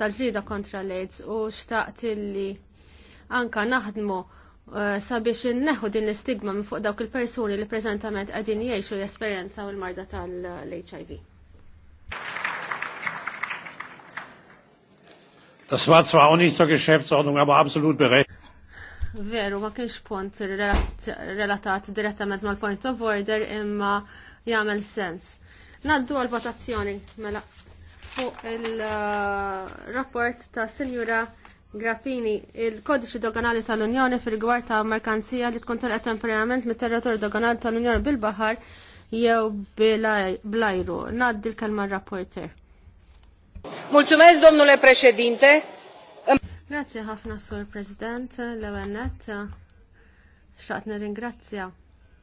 tal-ġlida kontra l-AIDS u xtaqt illi anka naħdmu eh, sabiex inneħu din l-istigma minn fuq dawk il-persuni li preżentament qegħdin jgħixu u l marda tal-HIV. Das war zwar auch nicht zur Geschäftsordnung, aber absolut berecht. Veru, ma kienx punt relatat direttament mal point of order imma jagħmel sens. Naddu għal votazzjoni mela fuq il-rapport ta' Sinjura Grappini, il-kodiċi doganali tal-Unjoni fil-gwar ta' merkanzija li tkun telqa temporanament mit territorju doganali tal-Unjoni bil-bahar jew blajru. Nad il kelma rapporter. Mulțumesc, domnule președinte! Grazie ħafna, Sur President, l-ewennet. Xaqt nirringrazzja